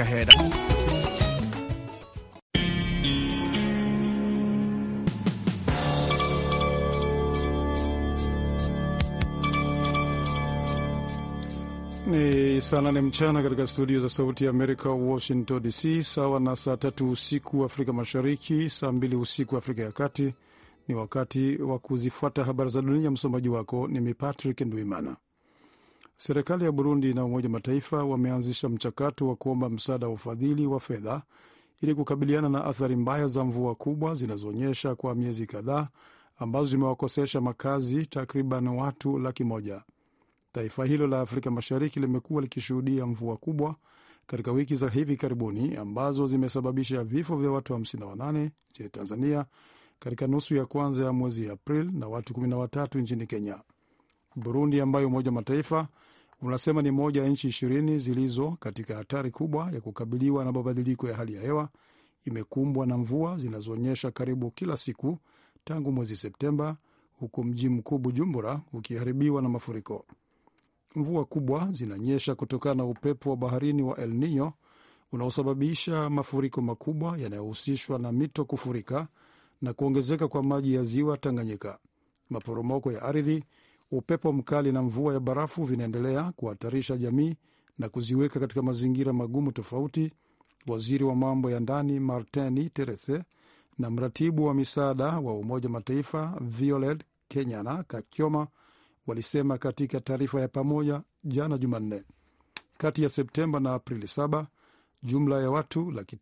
ahead. Ni saa nane mchana katika studio za Sauti ya Amerika, Washington DC, sawa na saa tatu usiku Afrika Mashariki, saa mbili usiku Afrika ya Kati. Ni wakati wa kuzifuata habari za dunia. Msomaji wako ni mi Patrick Ndwimana. Serikali ya Burundi na Umoja Mataifa wameanzisha mchakato wa kuomba msaada wa ufadhili wa fedha ili kukabiliana na athari mbaya za mvua kubwa zinazoonyesha kwa miezi kadhaa ambazo zimewakosesha makazi takriban watu laki moja. Taifa hilo la Afrika Mashariki limekuwa likishuhudia mvua kubwa katika wiki za hivi karibuni ambazo zimesababisha vifo vya watu 58 wa nchini Tanzania katika nusu ya kwanza ya mwezi Aprili na watu 13 nchini Kenya. Burundi ambayo Umoja wa Mataifa unasema ni moja ya nchi ishirini zilizo katika hatari kubwa ya kukabiliwa na mabadiliko ya hali ya hewa imekumbwa na mvua zinazoonyesha karibu kila siku tangu mwezi Septemba, huku mji mkuu Bujumbura ukiharibiwa na mafuriko. Mvua kubwa zinanyesha kutokana na upepo wa baharini wa El Nino unaosababisha mafuriko makubwa yanayohusishwa na mito kufurika na kuongezeka kwa maji ya ziwa Tanganyika. Maporomoko ya ardhi Upepo mkali na mvua ya barafu vinaendelea kuhatarisha jamii na kuziweka katika mazingira magumu tofauti. Waziri wa mambo ya ndani Martini Terese na mratibu wa misaada wa Umoja wa Mataifa Violet Kenyana Kakioma walisema katika taarifa ya pamoja jana Jumanne. Kati ya Septemba na Aprili 7 jumla ya watu laki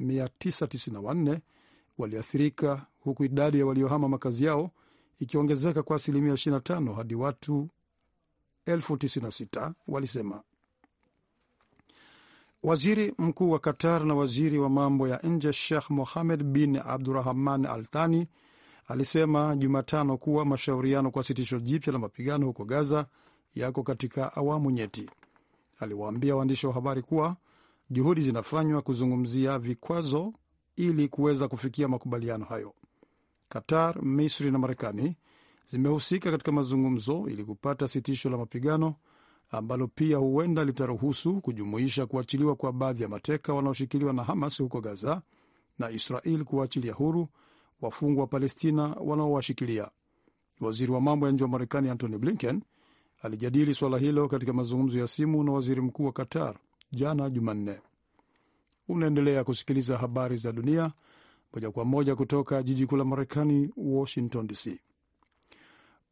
3994 waliathirika huku idadi ya waliohama makazi yao ikiongezeka kwa asilimia 25 hadi watu 96 walisema. Waziri mkuu wa Qatar na waziri wa mambo ya nje Sheikh Mohamed bin Abdurahman Al Thani alisema Jumatano kuwa mashauriano kwa sitisho jipya la mapigano huko Gaza yako katika awamu nyeti. Aliwaambia waandishi wa habari kuwa juhudi zinafanywa kuzungumzia vikwazo ili kuweza kufikia makubaliano hayo. Qatar, Misri na Marekani zimehusika katika mazungumzo ili kupata sitisho la mapigano ambalo pia huenda litaruhusu kujumuisha kuachiliwa kwa baadhi ya mateka wanaoshikiliwa na Hamas huko Gaza na Israel kuwaachilia huru wafungwa wa Palestina wanaowashikilia. Waziri wa mambo ya nje wa Marekani Antony Blinken alijadili suala hilo katika mazungumzo ya simu na waziri mkuu wa Qatar jana Jumanne. Unaendelea kusikiliza habari za dunia moja kwa moja kutoka jiji kuu la Marekani, Washington DC.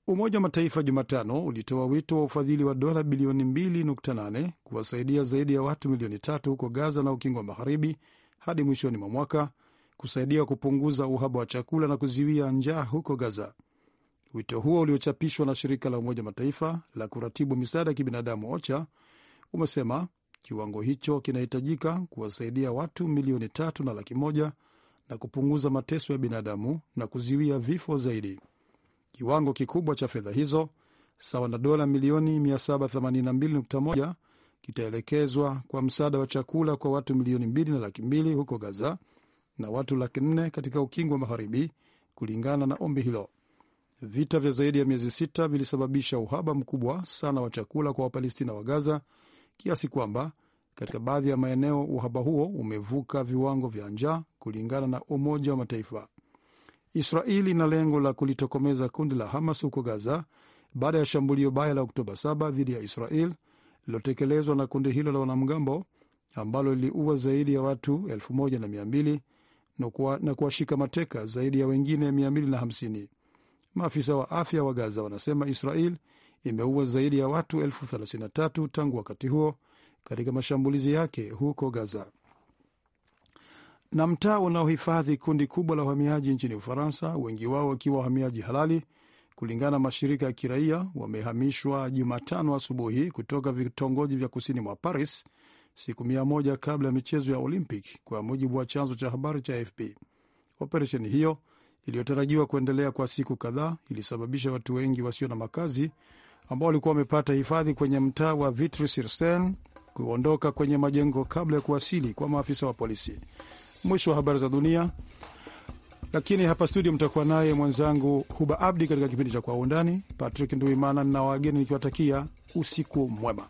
Umoja wa Mataifa Jumatano ulitoa wito wa ufadhili wa dola bilioni 2.8 kuwasaidia zaidi ya watu milioni tatu huko Gaza na Ukingo wa Magharibi hadi mwishoni mwa mwaka kusaidia kupunguza uhaba wa chakula na kuziwia njaa huko Gaza. Wito huo uliochapishwa na shirika la Umoja Mataifa la kuratibu misaada ya kibinadamu OCHA umesema kiwango hicho kinahitajika kuwasaidia watu milioni tatu na laki moja na kupunguza mateso ya binadamu na kuziwia vifo zaidi. Kiwango kikubwa cha fedha hizo sawa na dola milioni 782.1 kitaelekezwa kwa msaada wa chakula kwa watu milioni mbili na laki mbili huko Gaza na watu laki nne katika ukingo wa Magharibi, kulingana na ombi hilo. Vita vya zaidi ya miezi sita vilisababisha uhaba mkubwa sana wa chakula kwa Wapalestina wa Gaza kiasi kwamba katika baadhi ya maeneo uhaba huo umevuka viwango vya njaa kulingana na Umoja wa Mataifa. Israeli ina lengo la kulitokomeza kundi la Hamas huko Gaza baada ya shambulio baya la Oktoba 7 dhidi ya Israel lililotekelezwa na kundi hilo la wanamgambo ambalo liliua zaidi ya watu 1200 na kuwashika mateka zaidi ya wengine 250. Maafisa wa afya wa Gaza wanasema Israel imeua zaidi ya watu 33 tangu wakati huo katika mashambulizi yake huko Gaza na mtaa unaohifadhi kundi kubwa la wahamiaji nchini Ufaransa, wengi wao wakiwa wahamiaji halali. Kulingana na mashirika ya kiraia, wamehamishwa Jumatano asubuhi kutoka vitongoji vya kusini mwa Paris, siku mia moja kabla ya michezo ya Olympic, kwa mujibu wa chanzo cha habari cha AFP. Operesheni hiyo iliyotarajiwa kuendelea kwa siku kadhaa ilisababisha watu wengi wasio na makazi ambao walikuwa wamepata hifadhi kwenye mtaa wa Vitry sur Seine kuondoka kwenye majengo kabla ya kuwasili kwa maafisa wa polisi. Mwisho wa habari za dunia, lakini hapa studio mtakuwa naye mwenzangu Huba Abdi katika kipindi cha Kwa Undani. Patrick Nduimana na wageni nikiwatakia usiku mwema.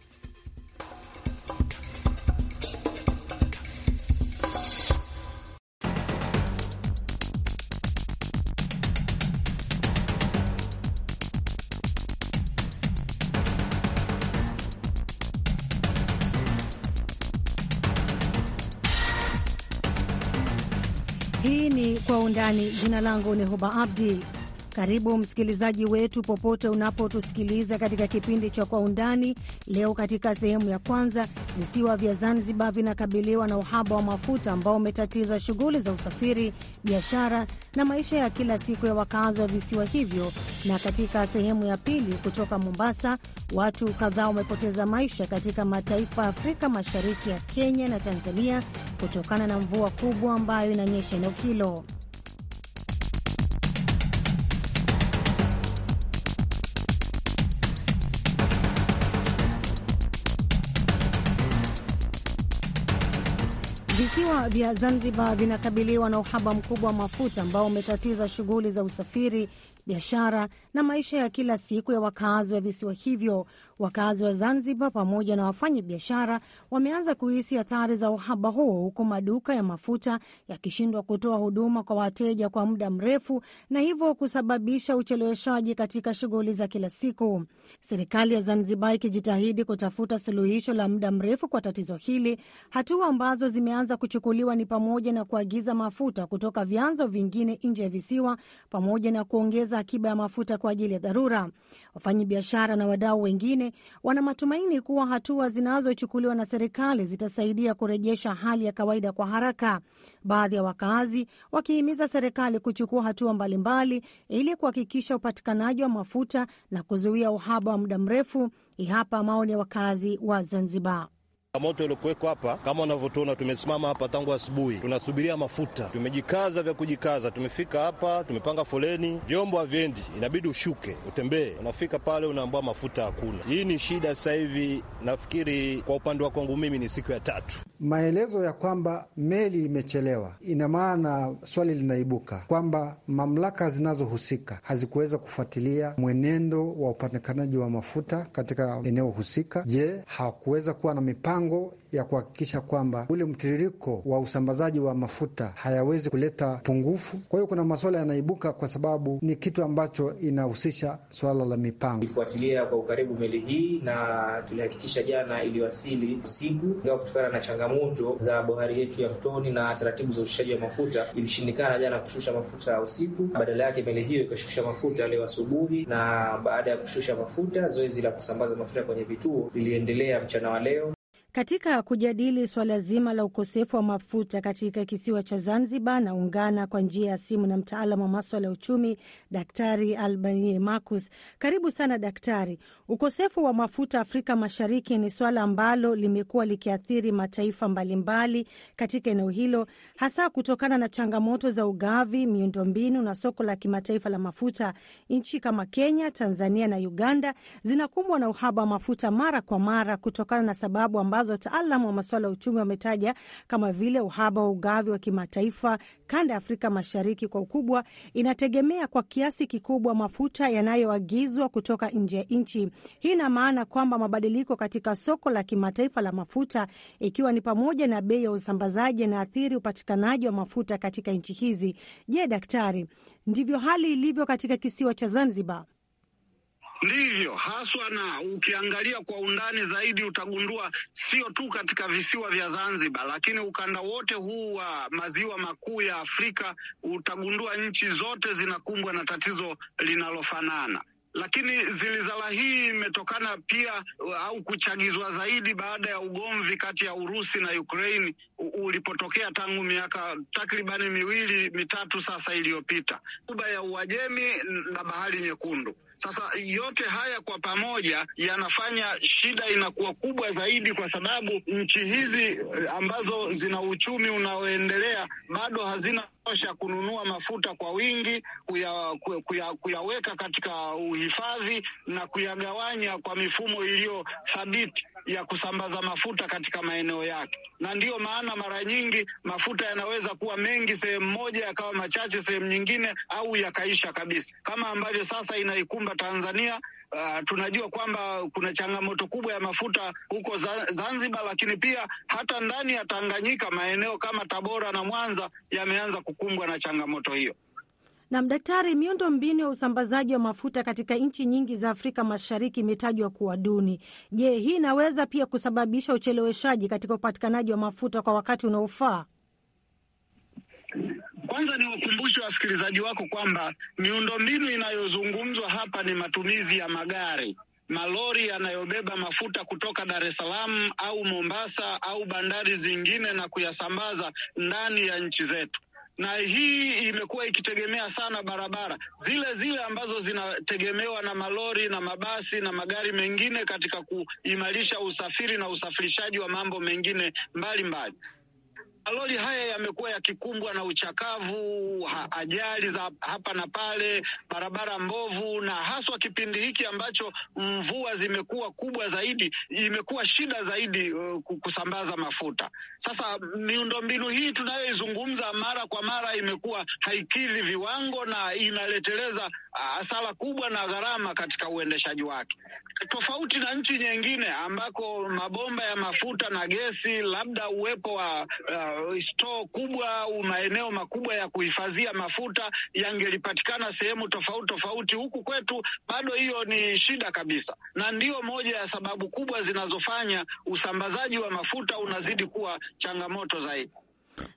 Undani. Jina langu ni Huba Abdi. Karibu msikilizaji wetu popote unapotusikiliza katika kipindi cha Kwa Undani. Leo katika sehemu ya kwanza, visiwa vya Zanzibar vinakabiliwa na uhaba wa mafuta ambao umetatiza shughuli za usafiri, biashara na maisha ya kila siku ya wakazi wa visiwa hivyo, na katika sehemu ya pili, kutoka Mombasa, watu kadhaa wamepoteza maisha katika mataifa ya Afrika Mashariki ya Kenya na Tanzania kutokana na mvua kubwa ambayo inanyesha eneo hilo. Visiwa vya Zanzibar vinakabiliwa na uhaba mkubwa wa mafuta ambao umetatiza shughuli za usafiri, biashara na maisha ya kila siku ya wakazi wa visiwa hivyo Wakazi wa Zanzibar pamoja na wafanya biashara wameanza kuhisi athari za uhaba huo, huku maduka ya mafuta yakishindwa kutoa huduma kwa wateja kwa muda mrefu na hivyo kusababisha ucheleweshaji katika shughuli za kila siku. Serikali ya Zanzibar ikijitahidi kutafuta suluhisho la muda mrefu kwa tatizo hili. Hatua ambazo zimeanza kuchukuliwa ni pamoja na kuagiza mafuta kutoka vyanzo vingine nje ya visiwa pamoja na kuongeza akiba ya mafuta kwa ajili ya dharura. Wafanyabiashara na wadau wengine wengine wana matumaini kuwa hatua zinazochukuliwa na serikali zitasaidia kurejesha hali ya kawaida kwa haraka, baadhi ya wakazi wakihimiza serikali kuchukua hatua mbalimbali ili kuhakikisha upatikanaji wa mafuta na kuzuia uhaba wa muda mrefu. ihapa maoni ya wakazi wa Zanzibar. Moto iliokuwekwa hapa kama unavyotuona, tumesimama hapa tangu asubuhi, tunasubiria mafuta. Tumejikaza vya kujikaza, tumefika hapa, tumepanga foleni, vyombo havyendi, inabidi ushuke utembee. Unafika pale unaambua mafuta hakuna. Hii ni shida sasa hivi. Nafikiri kwa upande wa kwangu mimi ni siku ya tatu. Maelezo ya kwamba meli imechelewa, ina maana swali linaibuka kwamba mamlaka zinazohusika hazikuweza kufuatilia mwenendo wa upatikanaji wa mafuta katika eneo husika. Je, hawakuweza kuwa na mipango mipango ya kuhakikisha kwamba ule mtiririko wa usambazaji wa mafuta hayawezi kuleta pungufu. Kwa hiyo kuna masuala yanaibuka, kwa sababu ni kitu ambacho inahusisha swala la mipango. ifuatilia kwa ukaribu meli hii na tulihakikisha jana iliwasili usiku, ingawa kutokana na changamoto za bohari yetu ya Mtoni na taratibu za ushushaji wa mafuta ilishindikana jana kushusha mafuta usiku. Badala yake meli hiyo ikashusha mafuta leo asubuhi, na baada ya kushusha mafuta, zoezi la kusambaza mafuta kwenye vituo liliendelea mchana wa leo katika kujadili suala zima la ukosefu wa mafuta katika kisiwa cha Zanzibar. Naungana kwa njia ya simu na mtaalamu wa maswala ya uchumi Daktari Albanie Marcus. Karibu sana daktari. Ukosefu wa mafuta Afrika Mashariki ni suala ambalo limekuwa likiathiri mataifa mbalimbali katika eneo hilo, hasa kutokana na changamoto za ugavi, miundombinu na soko la kimataifa la mafuta. Nchi kama Kenya, Tanzania na Uganda zinakumbwa na uhaba wa mafuta mara kwa mara kutokana na sababu ambazo ambazo wataalam wa masuala ya uchumi wametaja kama vile uhaba wa ugavi wa kimataifa. Kanda ya Afrika Mashariki kwa ukubwa inategemea kwa kiasi kikubwa mafuta yanayoagizwa kutoka nje ya nchi. Hii ina maana kwamba mabadiliko katika soko la kimataifa la mafuta, ikiwa ni pamoja na bei ya usambazaji, yanaathiri upatikanaji wa mafuta katika nchi hizi. Je, daktari, ndivyo hali ilivyo katika kisiwa cha Zanzibar? Ndivyo haswa, na ukiangalia kwa undani zaidi utagundua sio tu katika visiwa vya Zanzibar, lakini ukanda wote huu wa maziwa makuu ya Afrika utagundua nchi zote zinakumbwa na tatizo linalofanana lakini zilizala hii imetokana pia uh, au kuchagizwa zaidi baada ya ugomvi kati ya Urusi na Ukraini ulipotokea tangu miaka takribani miwili mitatu sasa iliyopita, kuba ya Uajemi na Bahari Nyekundu. Sasa yote haya kwa pamoja yanafanya shida inakuwa kubwa zaidi, kwa sababu nchi hizi eh, ambazo zina uchumi unaoendelea bado hazina tosha kununua mafuta kwa wingi, kuyaweka kuya, kuya katika uhifadhi na kuyagawanya kwa mifumo iliyo thabiti ya kusambaza mafuta katika maeneo yake, na ndiyo maana mara nyingi mafuta yanaweza kuwa mengi sehemu moja yakawa machache sehemu nyingine, au yakaisha kabisa, kama ambavyo sasa inaikumba Tanzania. Uh, tunajua kwamba kuna changamoto kubwa ya mafuta huko Zanzibar, lakini pia hata ndani ya Tanganyika maeneo kama Tabora na Mwanza yameanza kukumbwa na changamoto hiyo. Na mdaktari, miundo mbinu ya usambazaji wa mafuta katika nchi nyingi za Afrika Mashariki imetajwa kuwa duni. Je, hii inaweza pia kusababisha ucheleweshaji katika upatikanaji wa mafuta kwa wakati unaofaa? Kwanza ni wakumbushe wasikilizaji wako kwamba miundombinu inayozungumzwa hapa ni matumizi ya magari, malori yanayobeba mafuta kutoka Dar es Salaam au Mombasa au bandari zingine na kuyasambaza ndani ya nchi zetu na hii imekuwa ikitegemea sana barabara zile zile ambazo zinategemewa na malori na mabasi na magari mengine katika kuimarisha usafiri na usafirishaji wa mambo mengine mbalimbali mbali malori haya yamekuwa yakikumbwa na uchakavu ha, ajali za hapa na pale, barabara mbovu, na haswa kipindi hiki ambacho mvua zimekuwa kubwa zaidi, imekuwa shida zaidi uh, kusambaza mafuta. Sasa miundombinu hii tunayoizungumza mara kwa mara imekuwa haikidhi viwango na inaleteleza uh, hasara kubwa na gharama katika uendeshaji wake, tofauti na nchi nyingine ambako mabomba ya mafuta na gesi labda uwepo wa uh, uh, kubwa au maeneo makubwa ya kuhifadhia mafuta yangelipatikana sehemu tofauti tofauti. Huku kwetu bado hiyo ni shida kabisa, na ndiyo moja ya sababu kubwa zinazofanya usambazaji wa mafuta unazidi kuwa changamoto zaidi.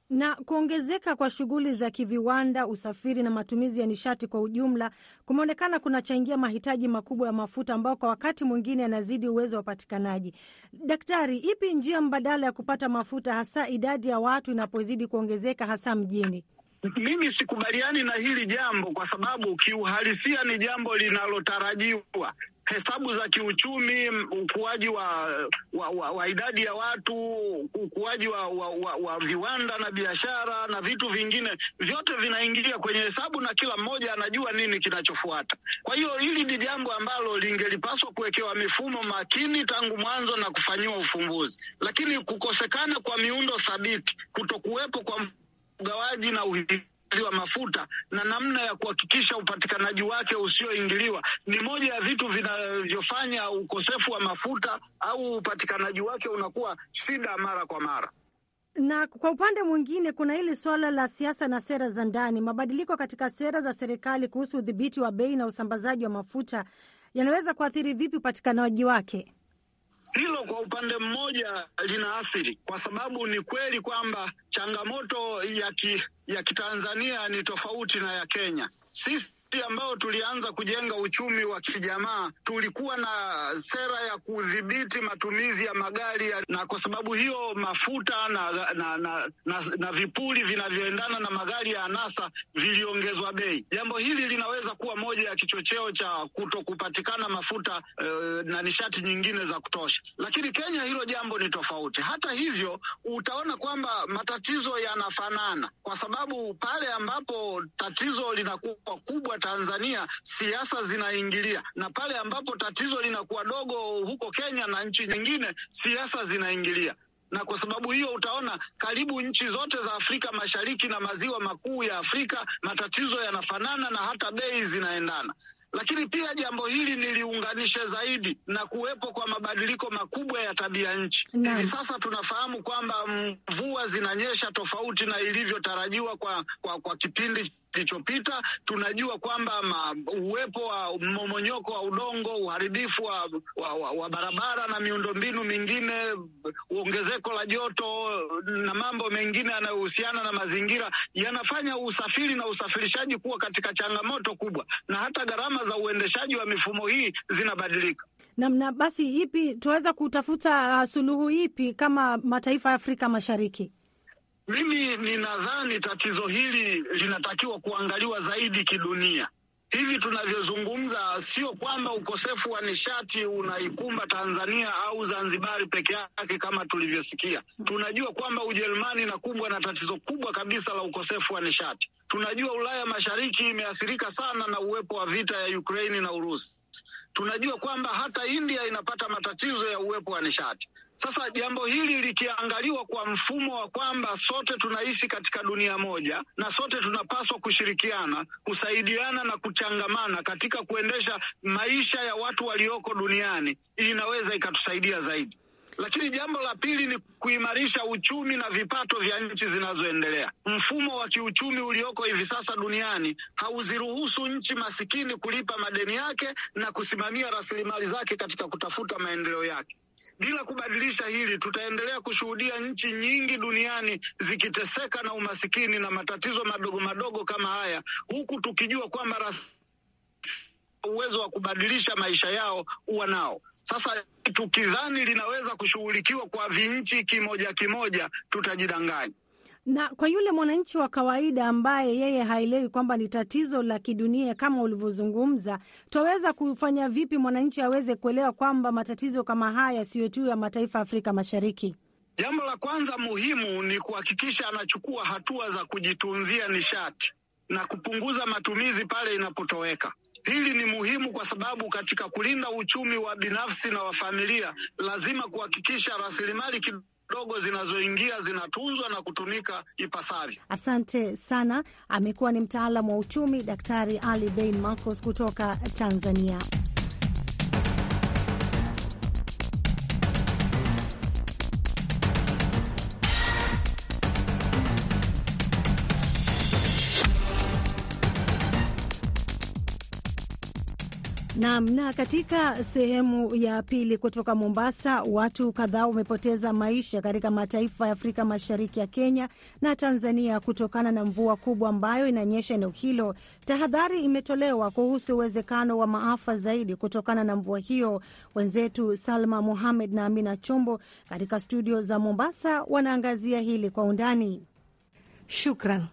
Na kuongezeka kwa shughuli za kiviwanda, usafiri na matumizi ya nishati kwa ujumla kumeonekana kunachangia mahitaji makubwa ya mafuta ambayo kwa wakati mwingine yanazidi uwezo wa upatikanaji. Daktari, ipi njia mbadala ya kupata mafuta hasa idadi ya watu inapozidi kuongezeka hasa mjini? mimi sikubaliani na hili jambo kwa sababu kiuhalisia ni jambo linalotarajiwa. Hesabu za kiuchumi, ukuaji wa, wa, wa, wa idadi ya watu, ukuaji wa, wa, wa, wa viwanda na biashara na vitu vingine vyote vinaingia kwenye hesabu, na kila mmoja anajua nini kinachofuata. Kwa hiyo hili ni jambo ambalo lingelipaswa kuwekewa mifumo makini tangu mwanzo na kufanyiwa ufumbuzi, lakini kukosekana kwa miundo thabiti, kutokuwepo kwa ugawaji na uhifadhi wa mafuta na namna ya kuhakikisha upatikanaji wake usioingiliwa ni moja ya vitu vinavyofanya ukosefu wa mafuta au upatikanaji wake unakuwa shida mara kwa mara. Na kwa upande mwingine, kuna hili suala la siasa na sera za ndani. Mabadiliko katika sera za serikali kuhusu udhibiti wa bei na usambazaji wa mafuta yanaweza kuathiri vipi upatikanaji wake? Hilo kwa upande mmoja lina athiri, kwa sababu ni kweli kwamba changamoto ya ki, ya kitanzania ni tofauti na ya Kenya. Sisi ambao tulianza kujenga uchumi wa kijamaa tulikuwa na sera ya kudhibiti matumizi ya magari ya, na kwa sababu hiyo mafuta na, na, na, na, na vipuli vinavyoendana na magari ya anasa viliongezwa bei. Jambo hili linaweza kuwa moja ya kichocheo cha kuto kupatikana mafuta eh, na nishati nyingine za kutosha, lakini Kenya hilo jambo ni tofauti. Hata hivyo, utaona kwamba matatizo yanafanana kwa sababu pale ambapo tatizo linakuwa kubwa Tanzania siasa zinaingilia, na pale ambapo tatizo linakuwa dogo huko Kenya na nchi nyingine, siasa zinaingilia na kwa sababu hiyo utaona karibu nchi zote za Afrika Mashariki na maziwa makuu ya Afrika matatizo yanafanana na hata bei zinaendana. Lakini pia jambo hili niliunganishe zaidi na kuwepo kwa mabadiliko makubwa ya tabia nchi. Hivi sasa tunafahamu kwamba mvua zinanyesha tofauti na ilivyotarajiwa kwa, kwa, kwa kipindi kilichopita. Tunajua kwamba uwepo wa mmomonyoko wa udongo, uharibifu wa, wa, wa, wa barabara na miundombinu mingine, ongezeko la joto na mambo mengine yanayohusiana na mazingira yanafanya usafiri na usafirishaji kuwa katika changamoto kubwa, na hata gharama za uendeshaji wa mifumo hii zinabadilika namna. Basi ipi tunaweza kutafuta uh, suluhu ipi kama mataifa ya Afrika Mashariki? Mimi ninadhani tatizo hili linatakiwa kuangaliwa zaidi kidunia. Hivi tunavyozungumza, sio kwamba ukosefu wa nishati unaikumba Tanzania au Zanzibari peke yake. Kama tulivyosikia, tunajua kwamba Ujerumani inakumbwa na tatizo kubwa kabisa la ukosefu wa nishati. Tunajua Ulaya Mashariki imeathirika sana na uwepo wa vita ya Ukraini na Urusi. Tunajua kwamba hata India inapata matatizo ya uwepo wa nishati. Sasa jambo hili likiangaliwa kwa mfumo wa kwamba sote tunaishi katika dunia moja na sote tunapaswa kushirikiana, kusaidiana na kuchangamana katika kuendesha maisha ya watu walioko duniani, inaweza ikatusaidia zaidi. Lakini jambo la pili ni kuimarisha uchumi na vipato vya nchi zinazoendelea. Mfumo wa kiuchumi ulioko hivi sasa duniani hauziruhusu nchi masikini kulipa madeni yake na kusimamia rasilimali zake katika kutafuta maendeleo yake bila kubadilisha hili, tutaendelea kushuhudia nchi nyingi duniani zikiteseka na umasikini na matatizo madogo madogo kama haya, huku tukijua kwamba ras uwezo wa kubadilisha maisha yao huwa nao. Sasa tukidhani linaweza kushughulikiwa kwa vinchi kimoja kimoja, tutajidanganya na kwa yule mwananchi wa kawaida ambaye yeye haelewi kwamba ni tatizo la kidunia kama ulivyozungumza, twaweza kufanya vipi mwananchi aweze kuelewa kwamba matatizo kama haya siyo tu ya mataifa ya Afrika Mashariki? Jambo la kwanza muhimu ni kuhakikisha anachukua hatua za kujitunzia nishati na kupunguza matumizi pale inapotoweka. Hili ni muhimu kwa sababu katika kulinda uchumi wa binafsi na wa familia lazima kuhakikisha rasilimali dogo zinazoingia zinatunzwa na kutumika ipasavyo. Asante sana. Amekuwa ni mtaalamu wa uchumi Daktari Ali Bein Marcos kutoka Tanzania. Naam, na katika sehemu ya pili kutoka Mombasa, watu kadhaa wamepoteza maisha katika mataifa ya Afrika Mashariki ya Kenya na Tanzania kutokana na mvua kubwa ambayo inanyesha eneo hilo. Tahadhari imetolewa kuhusu uwezekano wa maafa zaidi kutokana na mvua hiyo. Wenzetu Salma Mohamed na Amina Chombo katika studio za Mombasa wanaangazia hili kwa undani. Shukran.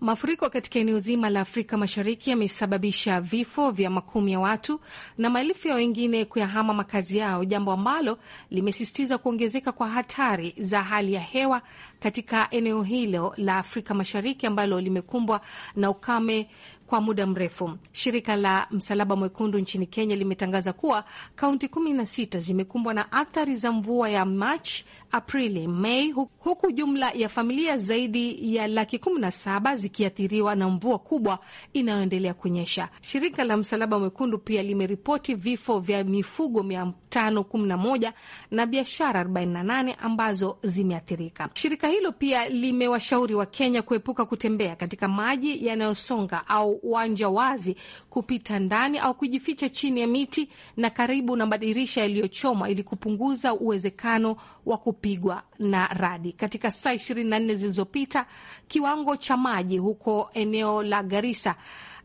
Mafuriko katika eneo zima la Afrika Mashariki yamesababisha vifo vya makumi ya watu na maelfu ya wengine kuyahama makazi yao, jambo ambalo limesisitiza kuongezeka kwa hatari za hali ya hewa katika eneo hilo la Afrika Mashariki ambalo limekumbwa na ukame kwa muda mrefu. Shirika la Msalaba Mwekundu nchini Kenya limetangaza kuwa kaunti 16 zimekumbwa na athari za mvua ya Machi, Aprili, Mei, huku jumla ya familia zaidi ya laki 17 zikiathiriwa na mvua kubwa inayoendelea kunyesha. Shirika la Msalaba Mwekundu pia limeripoti vifo vya mifugo 511 na biashara 48 ambazo zimeathirika. Shirika hilo pia limewashauri Wakenya kuepuka kutembea katika maji yanayosonga au uwanja wazi kupita ndani au kujificha chini ya miti na karibu na madirisha yaliyochomwa ili kupunguza uwezekano wa kupigwa na radi. Katika saa nne zilizopita, kiwango cha maji huko eneo la Garisa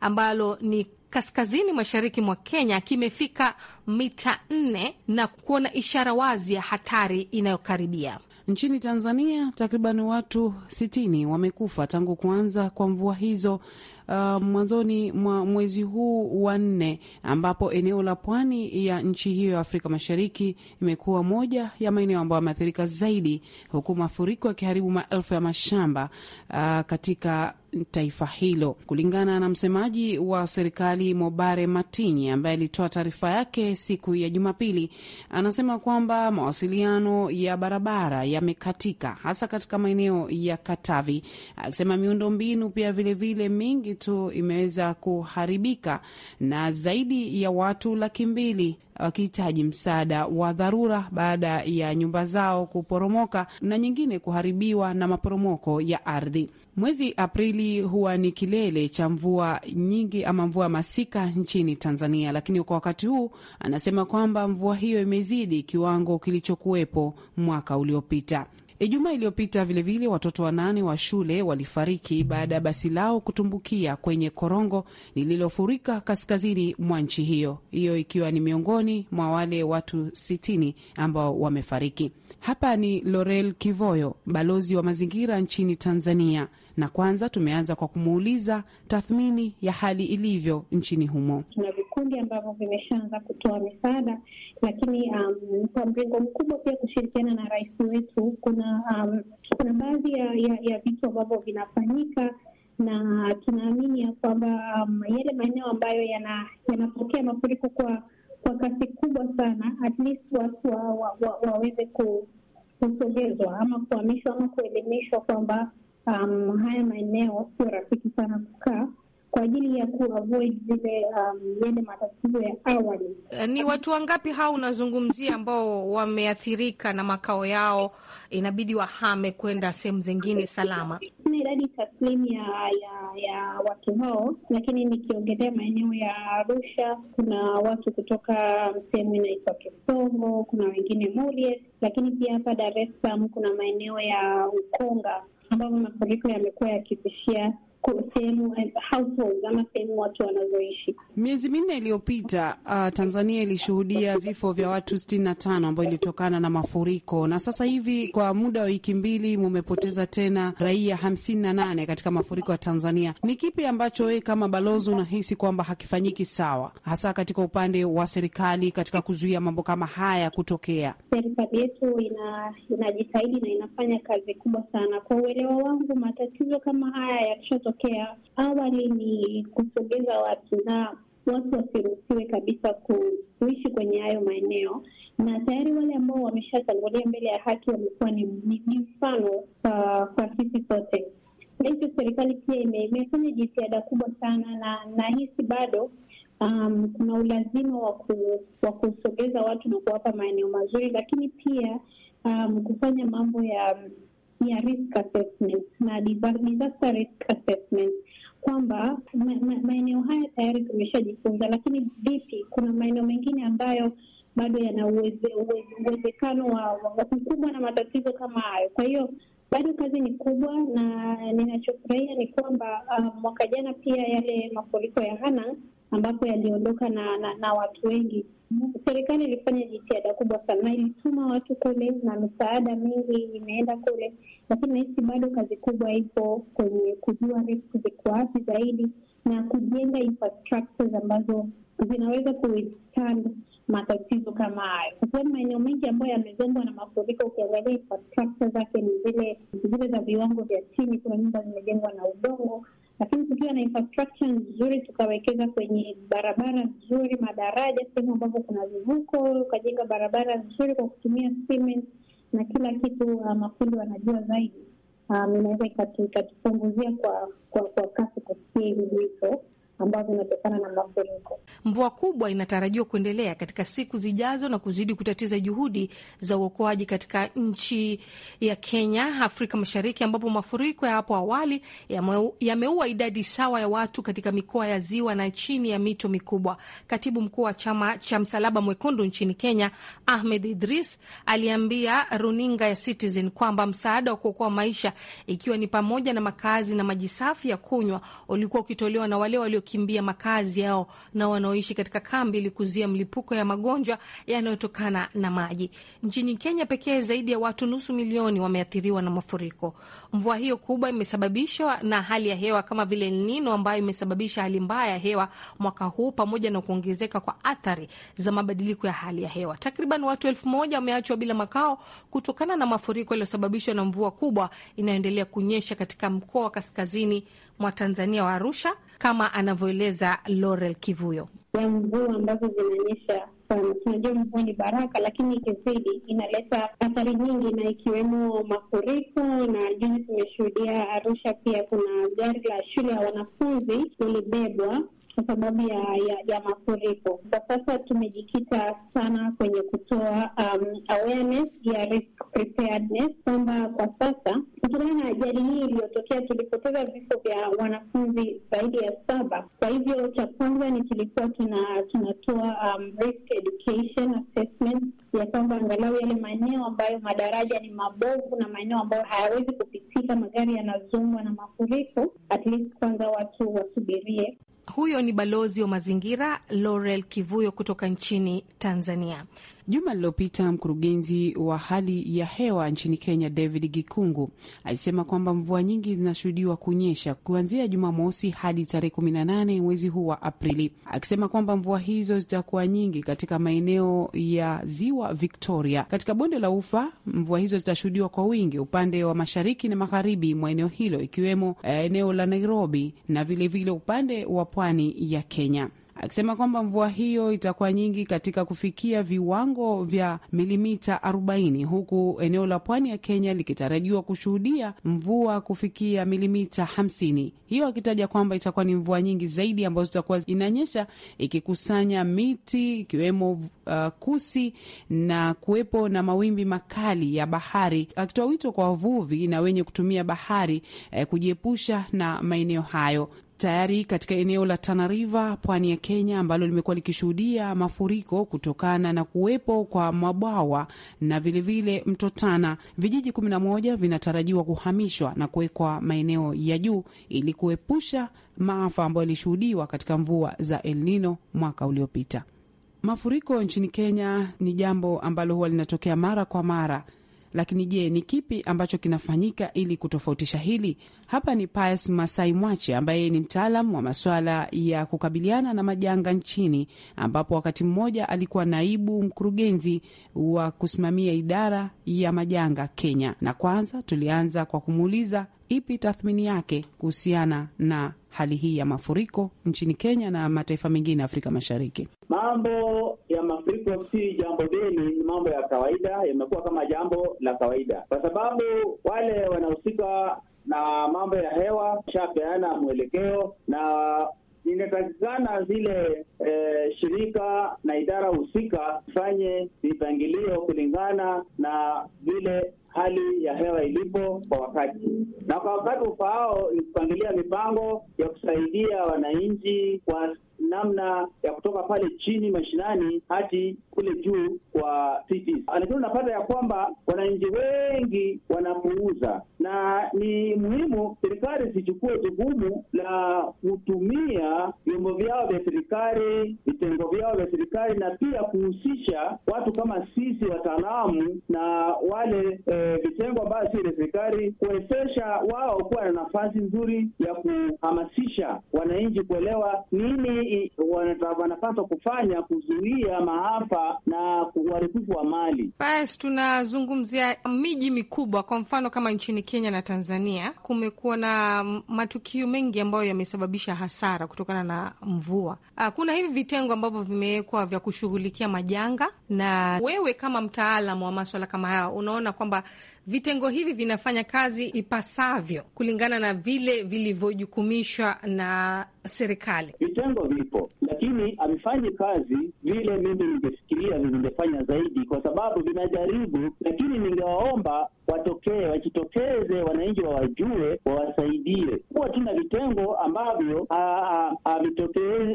ambalo ni kaskazini mashariki mwa Kenya kimefika mita nne na kuona ishara wazi ya hatari inayokaribia. Nchini Tanzania takriban watu sitini wamekufa tangu kuanza kwa mvua hizo uh, mwanzoni mwa mwezi huu wa nne, ambapo eneo la pwani ya nchi hiyo ya Afrika Mashariki imekuwa moja ya maeneo ambayo yameathirika zaidi, huku mafuriko yakiharibu maelfu ya mashamba uh, katika taifa hilo, kulingana na msemaji wa serikali Mobare Matinyi ambaye alitoa taarifa yake siku ya Jumapili. Anasema kwamba mawasiliano ya barabara yamekatika hasa katika maeneo ya Katavi, akisema mbinu pia vilevile vile mingi tu imeweza kuharibika na zaidi ya watu laki mbili wakihitaji msaada wa dharura baada ya nyumba zao kuporomoka na nyingine kuharibiwa na maporomoko ya ardhi. Mwezi Aprili huwa ni kilele cha mvua nyingi ama mvua masika nchini Tanzania, lakini kwa wakati huu anasema kwamba mvua hiyo imezidi kiwango kilichokuwepo mwaka uliopita. Ijumaa iliyopita vilevile watoto wanane wa shule walifariki baada ya basi lao kutumbukia kwenye korongo lililofurika kaskazini mwa nchi hiyo, hiyo ikiwa ni miongoni mwa wale watu sitini ambao wamefariki. Hapa ni lorel Kivoyo, balozi wa mazingira nchini Tanzania na kwanza tumeanza kwa kumuuliza tathmini ya hali ilivyo nchini humo. Tuna vikundi ambavyo vimeshaanza kutoa misaada, lakini um, kwa mrengo mkubwa pia kushirikiana na rais wetu, kuna um, kuna baadhi ya, ya, ya vitu ambavyo vinafanyika na tunaamini ya kwamba um, yale maeneo ambayo yanapokea mafuriko kwa kwa kasi kubwa sana, at least watu wa, wa, wa, waweze kusogezwa ama kuhamishwa ama kuelimishwa kwamba um, haya maeneo sio rafiki sana kukaa kwa ajili ya kuavoid zile um, yale matatizo ya awali. Eh, ni watu wangapi hao unazungumzia ambao wameathirika na makao yao inabidi wahame kwenda sehemu zingine salama? Ni idadi taslimu ya, ya ya watu hao, lakini nikiongelea maeneo ya Arusha kuna watu kutoka sehemu inaitwa Kisongo, kuna wengine lakini pia hapa Dar es Salaam kuna maeneo ya Ukonga ambavyo mafuriko yamekuwa yakitishia sehemu sehemu watu wanazoishi. Miezi minne iliyopita, uh, Tanzania ilishuhudia vifo vya watu sitini na tano ambayo ilitokana na mafuriko, na sasa hivi kwa muda wa wiki mbili mumepoteza tena raia hamsini na nane katika mafuriko ya Tanzania. Ni kipi ambacho wewe kama balozi unahisi kwamba hakifanyiki sawa, hasa katika upande wa serikali katika kuzuia mambo kama haya kutokea? Serikali yetu inajitahidi ina na inafanya kazi kubwa sana. Kwa uelewa wangu, matatizo kama haya yakishato kutokea. Awali ni kusogeza watu na watu wasiruhusiwe kabisa kuishi kwenye hayo maeneo, na tayari wale ambao wameshatangulia mbele ya haki wamekuwa ni mfano kwa sisi sote. Na hivyo serikali pia imefanya jitihada kubwa sana, na nahisi bado um, kuna ulazima wa kusogeza watu na kuwapa maeneo mazuri, lakini pia um, kufanya mambo ya ya risk assessment na disaster risk assessment kwamba maeneo ma, haya tayari tumeshajifunza, lakini vipi, kuna maeneo mengine ambayo bado yana uwezekano wa, wa kukumbwa na matatizo kama hayo. Kwa hiyo bado kazi ni kubwa, na ninachofurahia ni kwamba uh, mwaka jana pia yale mafuriko ya Hanang ambapo yaliondoka na, na, na watu wengi. Serikali ilifanya jitihada kubwa sana, na ilituma watu kule na misaada mingi imeenda kule, lakini nahisi bado kazi kubwa ipo kwenye kujua risk ziko wapi zaidi na kujenga infrastructures ambazo zinaweza kuwithstand matatizo kama hayo, kwa sababu maeneo mengi ambayo yamezongwa na mafuriko, ukiangalia infrastructure zake ni zile zile za viwango vya chini. Kuna nyumba zimejengwa na udongo lakini tukiwa na infrastructure nzuri, tukawekeza kwenye barabara nzuri, madaraja, sehemu ambapo kuna vivuko, ukajenga barabara nzuri kwa kutumia cement na kila kitu, uh, mafundi wanajua zaidi, um, inaweza ikatupunguzia kwa, kwa, kwa kasi kufikia hivi vifo ambazo zinatokana na mafuriko. Mvua kubwa inatarajiwa kuendelea katika siku zijazo na kuzidi kutatiza juhudi za uokoaji katika nchi ya Kenya, Afrika Mashariki, ambapo mafuriko ya hapo awali yameua idadi sawa ya watu katika mikoa ya ziwa na chini ya mito mikubwa. Katibu mkuu wa chama cha Msalaba Mwekundu nchini Kenya, Ahmed Idris, aliambia runinga ya Citizen kwamba msaada wa kuokoa maisha, ikiwa ni pamoja na makazi na maji safi ya kunywa, ulikuwa ukitolewa na wale walio waliokimbia makazi yao na wanaoishi katika kambi ili kuzuia mlipuko ya magonjwa yanayotokana na maji. Nchini Kenya pekee, zaidi ya watu nusu milioni wameathiriwa na mafuriko. Mvua hiyo kubwa imesababishwa na hali ya hewa kama vile El Nino ambayo imesababisha hali mbaya ya hewa mwaka huu pamoja na kuongezeka kwa athari za mabadiliko ya hali ya hewa. Takriban watu elfu moja wameachwa bila makao kutokana na mafuriko yaliyosababishwa na mvua kubwa inayoendelea kunyesha katika mkoa wa kaskazini mwa Tanzania wa Arusha, kama anavyoeleza Laurel Kivuyo. ya mvua ambazo zinaonyesha sana, tunajua mvua ni baraka, lakini ikizidi inaleta athari nyingi, na ikiwemo mafuriko. Na juzi tumeshuhudia Arusha pia kuna gari la shule ya wanafunzi lilibebwa kwa sababu ya, ya, ya mafuriko. Kwa sasa tumejikita sana kwenye kutoa um, awareness ya risk preparedness, kwamba kwa sasa kutokana na ajali hii iliyotokea tulipoteza vifo vya wanafunzi zaidi ya saba. Kwa hivyo cha kwanza ni tulikuwa tuna, tunatoa um, risk education assessment ya kwamba angalau yale maeneo ambayo madaraja ni mabovu na maeneo ambayo hayawezi kupitika, magari yanazongwa na mafuriko, at least kwanza watu wasubirie huyo ni balozi wa mazingira Laurel Kivuyo kutoka nchini Tanzania. Juma lililopita mkurugenzi wa hali ya hewa nchini Kenya David Gikungu alisema kwamba mvua nyingi zinashuhudiwa kunyesha kuanzia Jumamosi hadi tarehe kumi na nane mwezi huu wa Aprili, akisema kwamba mvua hizo zitakuwa nyingi katika maeneo ya ziwa Victoria. Katika bonde la Ufa, mvua hizo zitashuhudiwa kwa wingi upande wa mashariki na magharibi mwa eneo hilo, ikiwemo eh, eneo la Nairobi na vilevile vile upande wa pwani ya Kenya akisema kwamba mvua hiyo itakuwa nyingi katika kufikia viwango vya milimita 40 huku eneo la pwani ya Kenya likitarajiwa kushuhudia mvua kufikia milimita 50, hiyo akitaja kwamba itakuwa ni mvua nyingi zaidi ambazo zitakuwa inanyesha ikikusanya miti ikiwemo uh, kusi na kuwepo na mawimbi makali ya bahari, akitoa wito kwa wavuvi na wenye kutumia bahari eh, kujiepusha na maeneo hayo tayari katika eneo la Tana River, pwani ya Kenya, ambalo limekuwa likishuhudia mafuriko kutokana na kuwepo kwa mabwawa na vilevile mto Tana, vijiji 11 vinatarajiwa kuhamishwa na kuwekwa maeneo ya juu ili kuepusha maafa ambayo yalishuhudiwa katika mvua za El Nino mwaka uliopita. Mafuriko nchini Kenya ni jambo ambalo huwa linatokea mara kwa mara lakini je, ni kipi ambacho kinafanyika ili kutofautisha hili? Hapa ni Pius Masai Mwache ambaye ni mtaalam wa masuala ya kukabiliana na majanga nchini, ambapo wakati mmoja alikuwa naibu mkurugenzi wa kusimamia idara ya majanga Kenya. Na kwanza tulianza kwa kumuuliza ipi tathmini yake kuhusiana na hali hii ya mafuriko nchini Kenya na mataifa mengine ya Afrika Mashariki? Mambo ya mafuriko si jambo geni, ni mambo ya kawaida, yamekuwa kama jambo la kawaida, kwa sababu wale wanahusika na mambo ya hewa shapeana mwelekeo na inatakikana zile e, shirika na idara husika zifanye mipangilio kulingana na vile hali ya hewa ilipo kwa wakati, na kwa wakati ufaao ilikupangilia mipango ya kusaidia wananchi kwa namna ya kutoka pale chini mashinani hadi kule juu kwa cities. Lakini unapata ya kwamba wananchi wengi wanapuuza, na ni muhimu serikali zichukue jukumu la kutumia vyombo vyao vya serikali, vitengo vyao vya serikali, na pia kuhusisha watu kama sisi wataalamu na wale e, vitengo ambayo sio vya serikali, kuwezesha wao kuwa na nafasi nzuri ya kuhamasisha wananchi kuelewa nini wanapaswa kufanya kuzuia maafa na uharibifu wa mali. Bas, tunazungumzia miji mikubwa, kwa mfano kama nchini Kenya na Tanzania, kumekuwa na matukio mengi ambayo yamesababisha hasara kutokana na mvua. Ah, kuna hivi vitengo ambavyo vimewekwa vya kushughulikia majanga, na wewe kama mtaalamu wa maswala kama hayo unaona kwamba vitengo hivi vinafanya kazi ipasavyo kulingana na vile vilivyojukumishwa na serikali? Vitengo lakini avifanyi kazi vile mimi ningefikiria ningefanya zaidi, kwa sababu vinajaribu, lakini ningewaomba watokee, wajitokeze, wananchi wawajue, wawasaidie. Huwa tuna vitengo ambavyo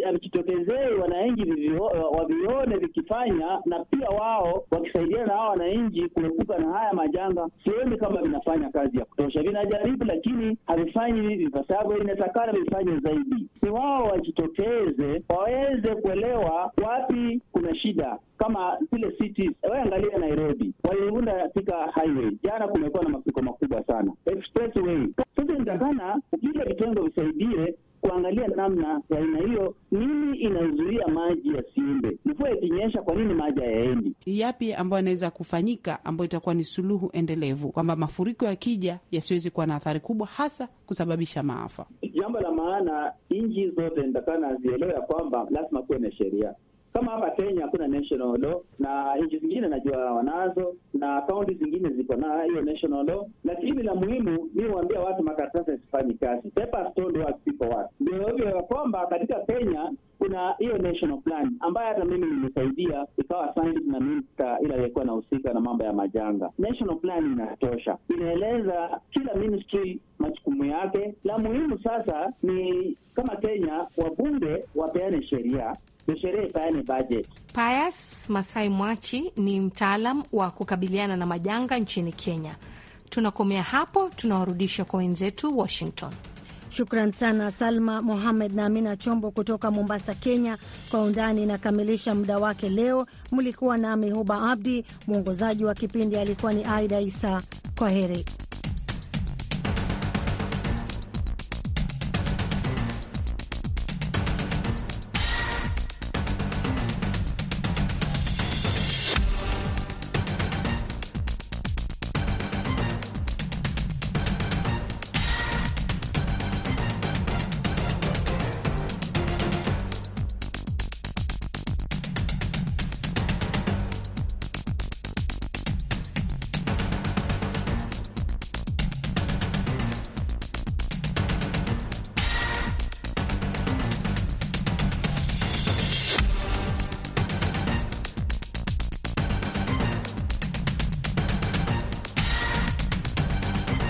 havijitokezei wananchi wavione vikifanya, na pia wao wakisaidia na hao wananchi kuepuka na haya majanga. Sioni kama vinafanya kazi ya kutosha, vinajaribu lakini havifanyi kwa sababu Inatakana vifanye zaidi, ni wao wajitokeze, waweze kuelewa wapi kuna shida, kama zile cities. Wewe angalia Nairobi, waliunda katika highway barabara kumekuwa na mafuriko makubwa sana expressway. Sasa inatakana kupiga vitengo visaidie kuangalia namna ya aina hiyo, nini inazuia maji yasiende. Mvua ikinyesha, kwa nini maji hayaendi? Yapi ambayo yanaweza kufanyika ambayo itakuwa ni suluhu endelevu, kwamba mafuriko yakija yasiwezi kuwa na athari kubwa, hasa kusababisha maafa? Jambo la maana, nchi zote nitakana zielewe ya kwamba lazima kuwe na sheria kama hapa Kenya hakuna national law, na nchi zingine najua wanazo na kaunti zingine ziko na hiyo national law, lakini la muhimu mi waambia watu makaratasi asifanyi kazi, papers don't work, people work. Ndio ya kwamba katika Kenya kuna hiyo national plan ambayo hata mimi nimesaidia ikawa signed na minister ile aliyekuwa nahusika na mambo ya majanga. National plan inatosha, inaeleza kila ministry majukumu yake. La muhimu sasa ni kama Kenya wabunge wapeane sheria Pius Masai Mwachi ni mtaalam wa kukabiliana na majanga nchini Kenya. Tunakomea hapo, tunawarudisha kwa wenzetu Washington. Shukran sana Salma Mohamed na Amina Chombo kutoka Mombasa, Kenya. Kwa Undani inakamilisha muda wake leo. Mlikuwa nami Huba Abdi, mwongozaji wa kipindi alikuwa ni Aida Isa. Kwa heri.